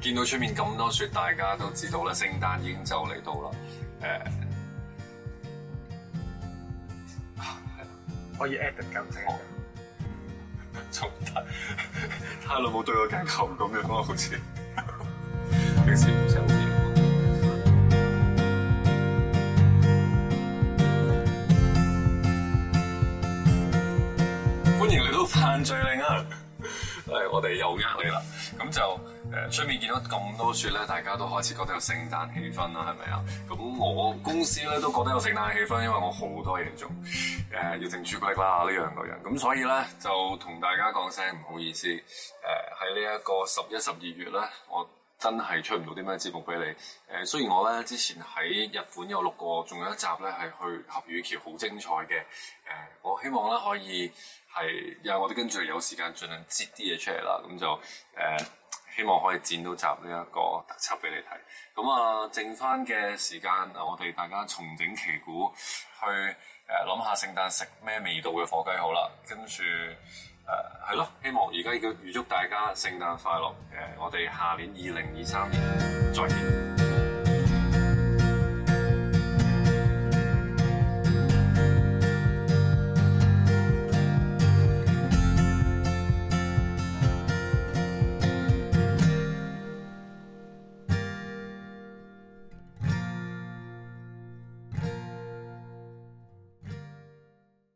見到出面咁多雪，大家都知道啦，聖誕已經就嚟到啦。誒、uh， 可以 add 啲感情。得太耐冇對過鏡頭咁樣咯，好似。平時唔想我邊歡迎嚟到飯聚令啊！誒，我哋又你呃你啦，咁就誒出面見到咁多雪咧，大家都開始覺得有聖誕氣氛啦，係咪啊？咁我公司咧都覺得有聖誕氣氛，因為我好多嘢做，誒、呃、要整朱古力啦呢樣嗰樣。咁所以咧就同大家講聲唔好意思，誒、呃、喺呢一個十一十二月咧，我真係出唔到啲咩節目俾你。誒、呃、雖然我咧之前喺日本有六個，仲有一集咧係去鴻運橋好精彩嘅，誒、呃、我希望咧可以。係，因為我哋跟住有時間，盡量擠啲嘢出嚟啦，咁就誒希望可以剪到集呢一個特輯俾你睇。咁啊、呃，剩翻嘅時間、呃，我哋大家重整旗鼓，去誒諗、呃、下聖誕食咩味道嘅火雞好啦。跟住誒係咯，希望而家要預祝大家聖誕快樂。誒、呃，我哋下年二零二三年再見。